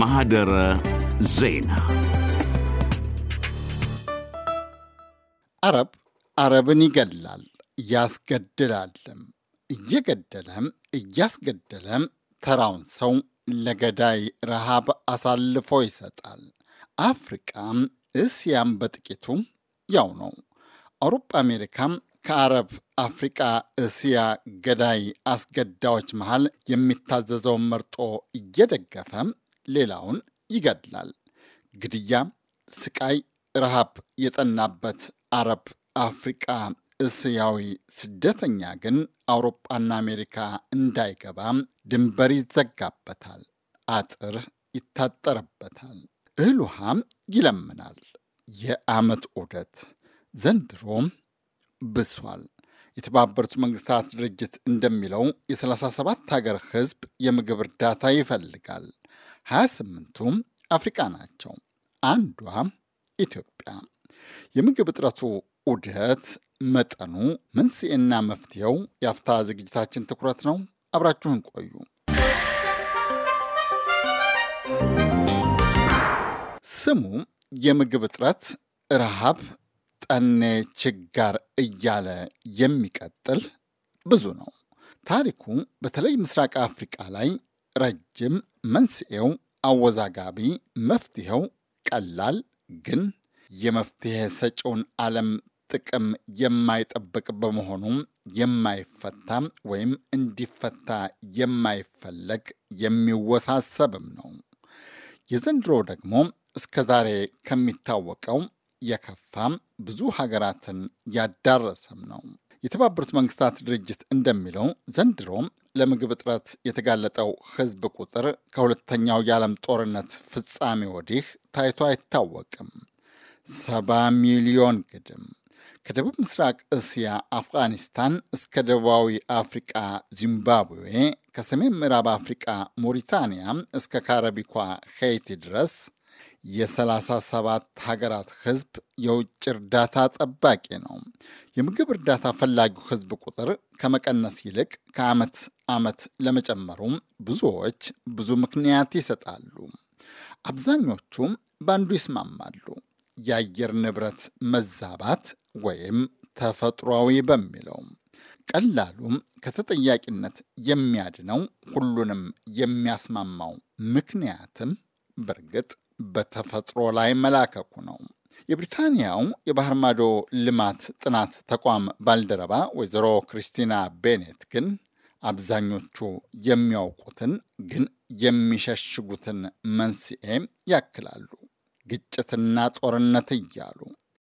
ማህደረ ዜና አረብ አረብን ይገላል ያስገድላልም። እየገደለም እያስገደለም ተራውን ሰው ለገዳይ ረሃብ አሳልፎ ይሰጣል። አፍሪቃም እስያም በጥቂቱ ያው ነው። አውሮፓ አሜሪካም ከአረብ አፍሪቃ፣ እስያ ገዳይ አስገዳዮች መሃል የሚታዘዘውን መርጦ እየደገፈ ሌላውን ይገድላል። ግድያ፣ ስቃይ፣ ረሃብ የጠናበት አረብ አፍሪቃ እስያዊ ስደተኛ ግን አውሮፓና አሜሪካ እንዳይገባ ድንበር ይዘጋበታል፣ አጥር ይታጠርበታል፣ እህል ውሃም ይለምናል። የአመት ዑደት ዘንድሮም ብሷል። የተባበሩት መንግስታት ድርጅት እንደሚለው የ37 ሀገር ህዝብ የምግብ እርዳታ ይፈልጋል። 28ቱም አፍሪቃ ናቸው፣ አንዷ ኢትዮጵያ። የምግብ እጥረቱ ዑደት፣ መጠኑ፣ መንስኤና መፍትሄው የአፍታ ዝግጅታችን ትኩረት ነው። አብራችሁን ቆዩ። ስሙ የምግብ እጥረት፣ ረሃብ ጨኔ ችጋር እያለ የሚቀጥል ብዙ ነው። ታሪኩ በተለይ ምስራቅ አፍሪቃ ላይ ረጅም፣ መንስኤው አወዛጋቢ፣ መፍትሄው ቀላል ግን የመፍትሄ ሰጪውን ዓለም ጥቅም የማይጠብቅ በመሆኑም የማይፈታ ወይም እንዲፈታ የማይፈለግ የሚወሳሰብም ነው። የዘንድሮ ደግሞ እስከ ዛሬ ከሚታወቀው የከፋም ብዙ ሀገራትን ያዳረሰም ነው። የተባበሩት መንግስታት ድርጅት እንደሚለው ዘንድሮም ለምግብ እጥረት የተጋለጠው ህዝብ ቁጥር ከሁለተኛው የዓለም ጦርነት ፍጻሜ ወዲህ ታይቶ አይታወቅም። ሰባ ሚሊዮን ግድም ከደቡብ ምስራቅ እስያ አፍጋኒስታን እስከ ደቡባዊ አፍሪቃ ዚምባብዌ፣ ከሰሜን ምዕራብ አፍሪቃ ሞሪታንያ እስከ ካረቢኳ ሄይቲ ድረስ የ37 ሀገራት ህዝብ የውጭ እርዳታ ጠባቂ ነው። የምግብ እርዳታ ፈላጊው ህዝብ ቁጥር ከመቀነስ ይልቅ ከዓመት ዓመት ለመጨመሩም ብዙዎች ብዙ ምክንያት ይሰጣሉ። አብዛኞቹም በአንዱ ይስማማሉ፣ የአየር ንብረት መዛባት ወይም ተፈጥሯዊ በሚለው ቀላሉም ከተጠያቂነት የሚያድነው ሁሉንም የሚያስማማው ምክንያትም በእርግጥ በተፈጥሮ ላይ መላከኩ ነው። የብሪታንያው የባህር ማዶ ልማት ጥናት ተቋም ባልደረባ ወይዘሮ ክሪስቲና ቤኔት ግን አብዛኞቹ የሚያውቁትን ግን የሚሸሽጉትን መንስኤም ያክላሉ። ግጭትና ጦርነት እያሉ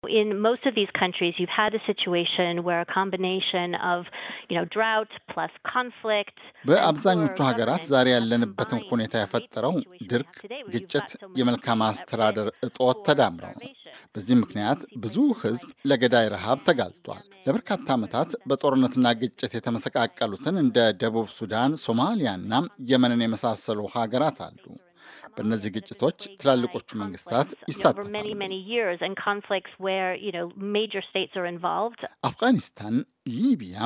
in most of these countries, you've had a situation where a combination of, you know, drought plus conflict. በአብዛኞቹ ሀገራት ዛሬ ያለንበትን ሁኔታ የፈጠረው ድርቅ፣ ግጭት፣ የመልካም አስተዳደር እጦት ተዳምረው ነው። በዚህ ምክንያት ብዙ ሕዝብ ለገዳይ ረሃብ ተጋልጧል። ለበርካታ ዓመታት በጦርነትና ግጭት የተመሰቃቀሉትን እንደ ደቡብ ሱዳን፣ ሶማሊያና የመንን የመሳሰሉ ሀገራት አሉ። በእነዚህ ግጭቶች ትላልቆቹ መንግስታት ይሳተፋል። አፍጋኒስታን፣ ሊቢያ፣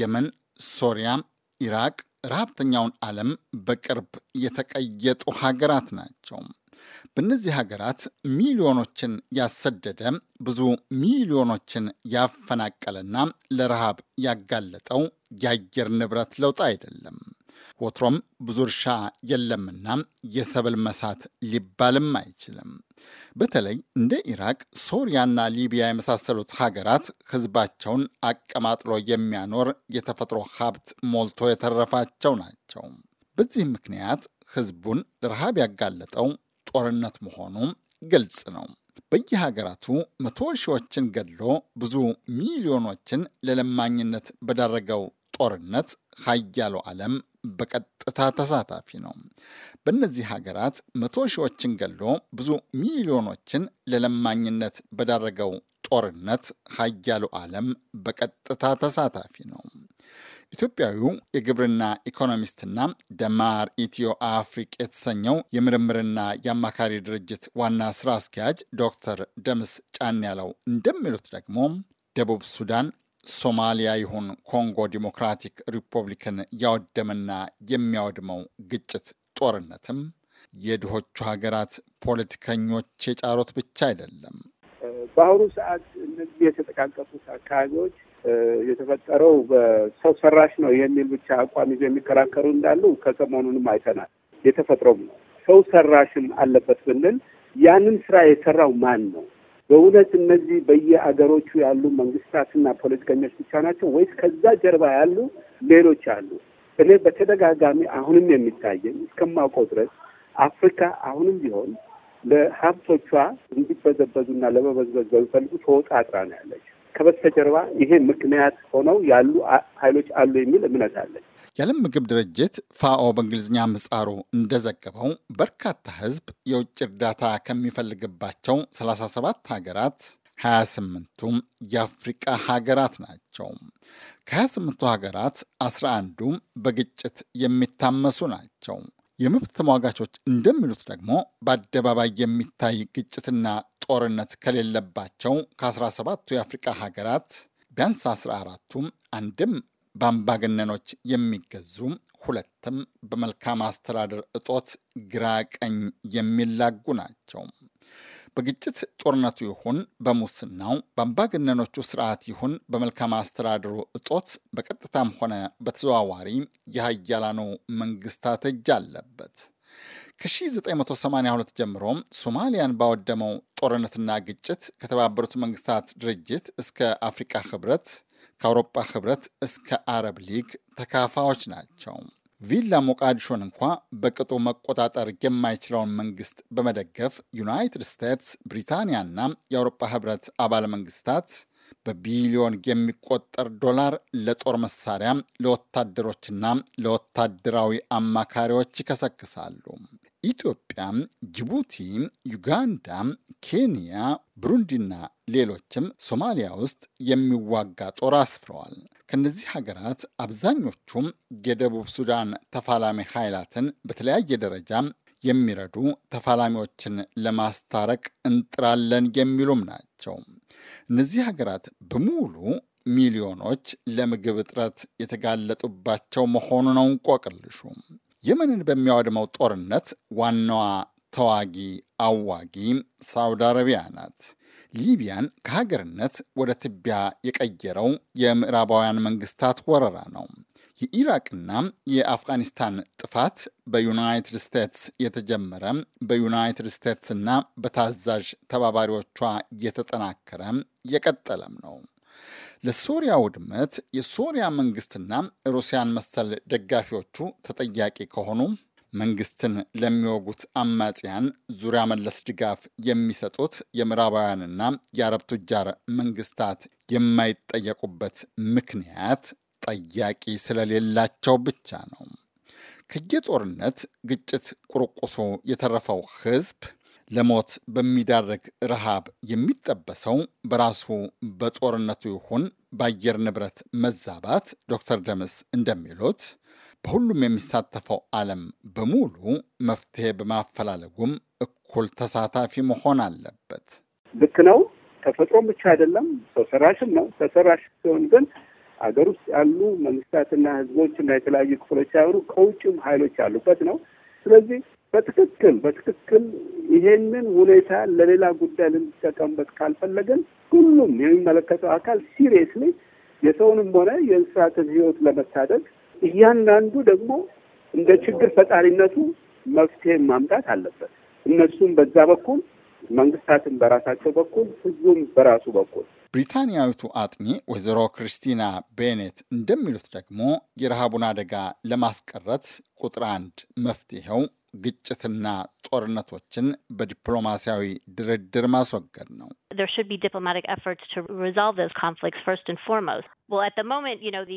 የመን፣ ሶሪያ፣ ኢራቅ ረሀብተኛውን ዓለም በቅርብ የተቀየጡ ሀገራት ናቸው። በእነዚህ ሀገራት ሚሊዮኖችን ያሰደደ ብዙ ሚሊዮኖችን ያፈናቀለና ለረሃብ ያጋለጠው የአየር ንብረት ለውጥ አይደለም። ወትሮም ብዙ እርሻ የለምና የሰብል መሳት ሊባልም አይችልም። በተለይ እንደ ኢራቅ፣ ሶሪያና ሊቢያ የመሳሰሉት ሀገራት ህዝባቸውን አቀማጥሎ የሚያኖር የተፈጥሮ ሀብት ሞልቶ የተረፋቸው ናቸው። በዚህ ምክንያት ህዝቡን ለረሃብ ያጋለጠው ጦርነት መሆኑ ግልጽ ነው። በየሀገራቱ መቶ ሺዎችን ገድሎ ብዙ ሚሊዮኖችን ለለማኝነት በዳረገው ጦርነት ሀያሉ ዓለም በቀጥታ ተሳታፊ ነው። በእነዚህ ሀገራት መቶ ሺዎችን ገሎ ብዙ ሚሊዮኖችን ለለማኝነት በዳረገው ጦርነት ሀያሉ ዓለም በቀጥታ ተሳታፊ ነው። ኢትዮጵያዊው የግብርና ኢኮኖሚስትና ደማር ኢትዮ አፍሪክ የተሰኘው የምርምርና የአማካሪ ድርጅት ዋና ስራ አስኪያጅ ዶክተር ደምስ ጫን ያለው እንደሚሉት ደግሞ ደቡብ ሱዳን ሶማሊያ ይሁን ኮንጎ ዲሞክራቲክ ሪፐብሊክን ያወደመና የሚያወድመው ግጭት፣ ጦርነትም የድሆቹ ሀገራት ፖለቲከኞች የጫሮት ብቻ አይደለም። በአሁኑ ሰዓት እነዚህ የተጠቃቀሱት አካባቢዎች የተፈጠረው በሰው ሰራሽ ነው የሚል ብቻ አቋም ይዞ የሚከራከሩ እንዳሉ ከሰሞኑንም አይተናል። የተፈጥሮም ነው ሰው ሰራሽም አለበት ብንል ያንን ስራ የሰራው ማን ነው? በእውነት እነዚህ በየአገሮቹ ያሉ መንግስታትና ፖለቲከኞች ብቻ ናቸው ወይስ ከዛ ጀርባ ያሉ ሌሎች አሉ? እኔ በተደጋጋሚ አሁንም የሚታየኝ እስከማውቀው ድረስ አፍሪካ አሁንም ቢሆን ለሀብቶቿ እንዲበዘበዙና ለመበዝበዝ በሚፈልጉ ተወጣጥራ ነው ያለ ከበስተጀርባ ይሄ ምክንያት ሆነው ያሉ ኃይሎች አሉ የሚል እምነት አለን። የዓለም ምግብ ድርጅት ፋኦ በእንግሊዝኛ ምጻሩ እንደዘገበው በርካታ ሕዝብ የውጭ እርዳታ ከሚፈልግባቸው 37 ሀገራት 28ቱ የአፍሪቃ ሀገራት ናቸው። ከ28ቱ ሀገራት 11ዱ በግጭት የሚታመሱ ናቸው። የመብት ተሟጋቾች እንደሚሉት ደግሞ በአደባባይ የሚታይ ግጭትና ጦርነት ከሌለባቸው ከ17ቱ የአፍሪቃ ሀገራት ቢያንስ 14ቱም አንድም በአምባገነኖች የሚገዙ ሁለትም በመልካም አስተዳደር እጦት ግራ ቀኝ የሚላጉ ናቸው። በግጭት ጦርነቱ ይሁን በሙስናው በአምባገነኖቹ ስርዓት ይሁን በመልካም አስተዳደሩ እጦት በቀጥታም ሆነ በተዘዋዋሪ የሀያላኑ መንግስታት እጅ አለበት። ከ1982 ጀምሮ ሶማሊያን ባወደመው ጦርነትና ግጭት ከተባበሩት መንግስታት ድርጅት እስከ አፍሪቃ ህብረት፣ ከአውሮጳ ህብረት እስከ አረብ ሊግ ተካፋዎች ናቸው። ቪላ ሞቃዲሾን እንኳ በቅጡ መቆጣጠር የማይችለውን መንግስት በመደገፍ ዩናይትድ ስቴትስ፣ ብሪታንያና የአውሮፓ ህብረት አባል መንግስታት በቢሊዮን የሚቆጠር ዶላር ለጦር መሳሪያ ለወታደሮችና ለወታደራዊ አማካሪዎች ይከሰክሳሉ። ኢትዮጵያ፣ ጅቡቲ፣ ዩጋንዳ፣ ኬንያ፣ ብሩንዲና ሌሎችም ሶማሊያ ውስጥ የሚዋጋ ጦር አስፍረዋል። ከነዚህ ሀገራት አብዛኞቹም የደቡብ ሱዳን ተፋላሚ ኃይላትን በተለያየ ደረጃ የሚረዱ ተፋላሚዎችን ለማስታረቅ እንጥራለን የሚሉም ናቸው። እነዚህ ሀገራት በሙሉ ሚሊዮኖች ለምግብ እጥረት የተጋለጡባቸው መሆኑ ነው እንቆቅልሹ። የመንን በሚያወድመው ጦርነት ዋናዋ ተዋጊ አዋጊ ሳውዲ አረቢያ ናት። ሊቢያን ከሀገርነት ወደ ትቢያ የቀየረው የምዕራባውያን መንግስታት ወረራ ነው። የኢራቅና የአፍጋኒስታን ጥፋት በዩናይትድ ስቴትስ የተጀመረ በዩናይትድ ስቴትስና በታዛዥ ተባባሪዎቿ የተጠናከረ የቀጠለም ነው። ለሶሪያ ውድመት የሶሪያ መንግስትና ሩሲያን መሰል ደጋፊዎቹ ተጠያቂ ከሆኑ መንግስትን ለሚወጉት አማጽያን ዙሪያ መለስ ድጋፍ የሚሰጡት የምዕራባውያንና የአረብ ቱጃር መንግስታት የማይጠየቁበት ምክንያት ጠያቂ ስለሌላቸው ብቻ ነው። ከየጦርነት ግጭት ቁርቁሶ የተረፈው ህዝብ ለሞት በሚዳርግ ረሃብ የሚጠበሰው በራሱ በጦርነቱ ይሁን በአየር ንብረት መዛባት፣ ዶክተር ደምስ እንደሚሉት በሁሉም የሚሳተፈው ዓለም በሙሉ መፍትሄ በማፈላለጉም እኩል ተሳታፊ መሆን አለበት። ልክ ነው። ተፈጥሮም ብቻ አይደለም፣ ሰው ሰራሽም ነው። ሰው ሰራሽ ሲሆን ግን ሀገር ውስጥ ያሉ መንግስታትና ህዝቦች እና የተለያዩ ክፍሎች ሳይሆኑ ከውጭም ሀይሎች ያሉበት ነው። ስለዚህ በትክክል በትክክል ይሄንን ሁኔታ ለሌላ ጉዳይ ልንጠቀምበት ካልፈለገን ሁሉም የሚመለከተው አካል ሲሪየስሊ የሰውንም ሆነ የእንስሳትን ህይወት ለመታደግ እያንዳንዱ ደግሞ እንደ ችግር ፈጣሪነቱ መፍትሄ ማምጣት አለበት። እነሱም በዛ በኩል መንግስታትን በራሳቸው በኩል ህዝቡም በራሱ በኩል። ብሪታንያዊቱ አጥኚ ወይዘሮ ክሪስቲና ቤኔት እንደሚሉት ደግሞ የረሃቡን አደጋ ለማስቀረት ቁጥር አንድ መፍትሄው ግጭትና ጦርነቶችን በዲፕሎማሲያዊ ድርድር ማስወገድ ነው። there should be diplomatic efforts to resolve those conflicts first and foremost.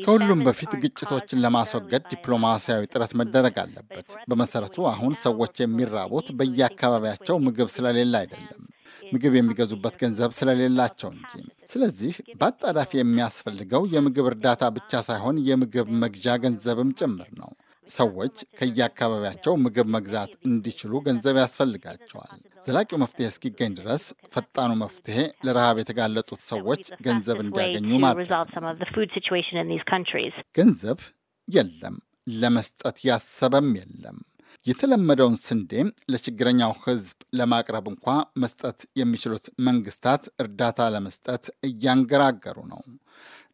ከሁሉም በፊት ግጭቶችን ለማስወገድ ዲፕሎማሲያዊ ጥረት መደረግ አለበት። በመሰረቱ አሁን ሰዎች የሚራቡት በየአካባቢያቸው ምግብ ስለሌለ አይደለም፣ ምግብ የሚገዙበት ገንዘብ ስለሌላቸው እንጂ። ስለዚህ በአጣዳፊ የሚያስፈልገው የምግብ እርዳታ ብቻ ሳይሆን የምግብ መግዣ ገንዘብም ጭምር ነው። ሰዎች ከየአካባቢያቸው ምግብ መግዛት እንዲችሉ ገንዘብ ያስፈልጋቸዋል። ዘላቂው መፍትሄ እስኪገኝ ድረስ ፈጣኑ መፍትሄ ለረሃብ የተጋለጡት ሰዎች ገንዘብ እንዲያገኙ ማድረግ። ገንዘብ የለም፣ ለመስጠት ያሰበም የለም። የተለመደውን ስንዴ ለችግረኛው ሕዝብ ለማቅረብ እንኳ መስጠት የሚችሉት መንግስታት እርዳታ ለመስጠት እያንገራገሩ ነው።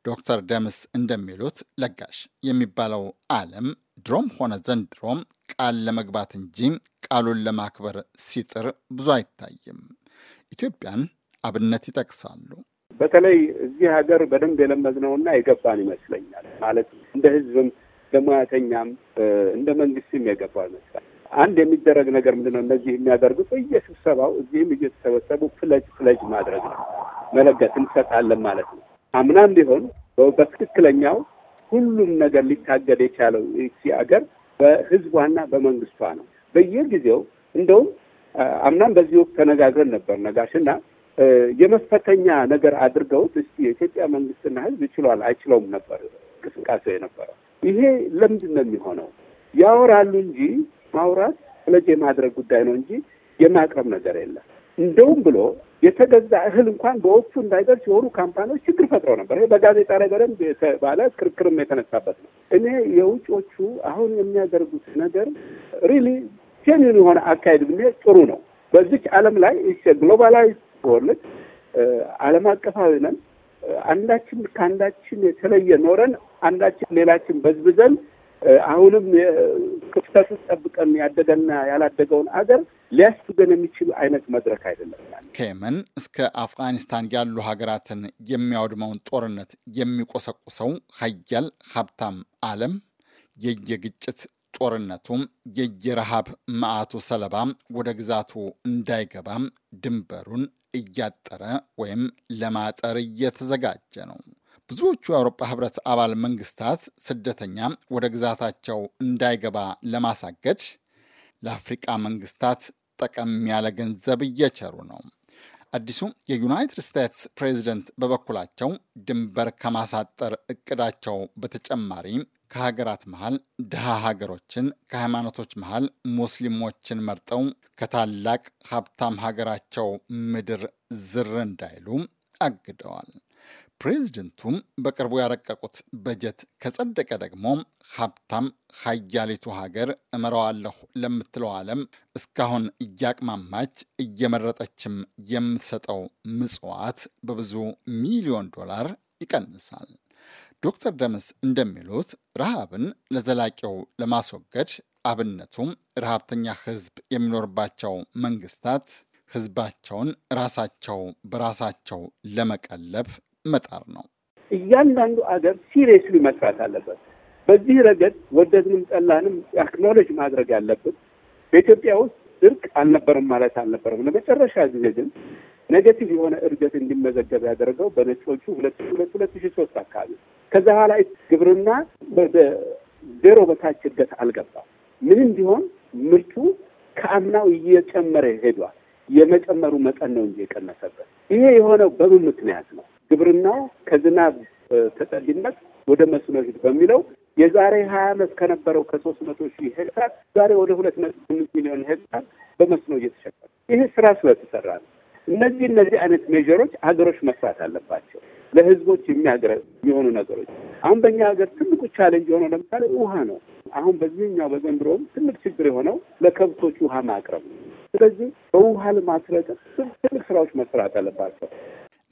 ዶክተር ደምስ እንደሚሉት ለጋሽ የሚባለው ዓለም ድሮም ሆነ ዘንድሮም ቃል ለመግባት እንጂ ቃሉን ለማክበር ሲጥር ብዙ አይታይም። ኢትዮጵያን አብነት ይጠቅሳሉ። በተለይ እዚህ ሀገር በደንብ የለመድነውና የገባን ይመስለኛል። ማለት እንደ ህዝብም እንደ ሙያተኛም እንደ መንግስትም የገባው ይመስላል። አንድ የሚደረግ ነገር ምንድነው? እነዚህ የሚያደርጉት በየስብሰባው እዚህም እየተሰበሰቡ ፍለጅ ፍለጅ ማድረግ ነው፣ መለገት እንሰጣለን ማለት ነው። አምናም ቢሆን በትክክለኛው ሁሉም ነገር ሊታገድ የቻለው ይቺ በህዝቧና በመንግስቷ ነው። በየጊዜው እንደውም አምናም በዚህ ወቅት ተነጋግረን ነበር ነጋሽና የመፈተኛ ነገር አድርገውት እስ የኢትዮጵያ መንግስትና ህዝብ ይችሏል አይችለውም ነበር እንቅስቃሴ የነበረው። ይሄ ለምንድን ነው የሚሆነው? ያወራሉ እንጂ ማውራት ስለዚህ የማድረግ ጉዳይ ነው እንጂ የማቅረብ ነገር የለም። እንደውም ብሎ የተገዛ እህል እንኳን በወቅቱ እንዳይደርስ የሆኑ ካምፓኒዎች ችግር ፈጥረው ነበር። ይሄ በጋዜጣ ላይ በደንብ የተባለ ክርክርም የተነሳበት ነው። እኔ የውጮቹ አሁን የሚያደርጉት ነገር ሪሊ ሴኒን የሆነ አካሄድ ብንሄድ ጥሩ ነው። በዚች ዓለም ላይ ግሎባላይዝ ወርልድ ዓለም አቀፋዊ ነን። አንዳችን ከአንዳችን የተለየ ኖረን አንዳችን ሌላችን በዝብዘን አሁንም ክፍተቱ ጠብቀን ያደገና ያላደገውን አገር ሊያስገን የሚችል አይነት መድረክ አይደለም። ከየመን እስከ አፍጋኒስታን ያሉ ሀገራትን የሚያወድመውን ጦርነት የሚቆሰቁሰው ሀያል ሀብታም ዓለም የየግጭት ጦርነቱ የየረሃብ መዓቱ ሰለባ ወደ ግዛቱ እንዳይገባም ድንበሩን እያጠረ ወይም ለማጠር እየተዘጋጀ ነው። ብዙዎቹ የአውሮፓ ህብረት አባል መንግስታት ስደተኛ ወደ ግዛታቸው እንዳይገባ ለማሳገድ ለአፍሪቃ መንግስታት ጠቀም ያለ ገንዘብ እየቸሩ ነው። አዲሱ የዩናይትድ ስቴትስ ፕሬዚደንት በበኩላቸው ድንበር ከማሳጠር እቅዳቸው በተጨማሪ ከሀገራት መሃል ድሃ ሀገሮችን፣ ከሃይማኖቶች መሃል ሙስሊሞችን መርጠው ከታላቅ ሀብታም ሀገራቸው ምድር ዝር እንዳይሉ አግደዋል። ፕሬዚደንቱም በቅርቡ ያረቀቁት በጀት ከጸደቀ ደግሞ ሀብታም ሀያሊቱ ሀገር እመራዋለሁ ለምትለው ዓለም እስካሁን እያቅማማች እየመረጠችም የምትሰጠው ምጽዋት በብዙ ሚሊዮን ዶላር ይቀንሳል። ዶክተር ደምስ እንደሚሉት ረሃብን ለዘላቂው ለማስወገድ አብነቱም ረሃብተኛ ህዝብ የሚኖርባቸው መንግስታት ህዝባቸውን ራሳቸው በራሳቸው ለመቀለብ መጣር ነው። እያንዳንዱ አገር ሲሪየስሊ መስራት አለበት። በዚህ ረገድ ወደድንም ጠላንም አክኖሎጅ ማድረግ ያለብን በኢትዮጵያ ውስጥ ድርቅ አልነበረም ማለት አልነበረም። ለመጨረሻ ጊዜ ግን ኔጌቲቭ የሆነ እድገት እንዲመዘገብ ያደረገው በነጮቹ ሁለት ሁለት ሁለት ሺ ሶስት አካባቢ ከዛ በኋላ ግብርና ወደ ዜሮ በታች እድገት አልገባም። ምንም ቢሆን ምርቱ ከአምናው እየጨመረ ሄዷል። የመጨመሩ መጠን ነው እንጂ የቀነሰበት። ይሄ የሆነው በምን ምክንያት ነው? ግብርናው ከዝናብ ተጠሊነት ወደ መስኖ ሂድ በሚለው የዛሬ ሀያ ዓመት ከነበረው ከሶስት መቶ ሺህ ሄክታር ዛሬ ወደ ሁለት ነጥብ ስምንት ሚሊዮን ሄክታር በመስኖ እየተሸፈነ ይህ ስራ ስለተሰራ ነው። እነዚህ እነዚህ አይነት ሜጀሮች ሀገሮች መስራት አለባቸው። ለህዝቦች የሚያገረ የሆኑ ነገሮች አሁን በእኛ ሀገር ትልቁ ቻለንጅ የሆነው ለምሳሌ ውሃ ነው። አሁን በዚህኛው በዘንድሮም ትልቅ ችግር የሆነው ለከብቶች ውሃ ማቅረብ ነው። ስለዚህ በውሃ ልማት ረገድ ትልቅ ስራዎች መስራት አለባቸው።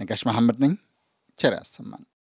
ነጋሽ መሐመድ ነኝ። ቸር ያሰማን።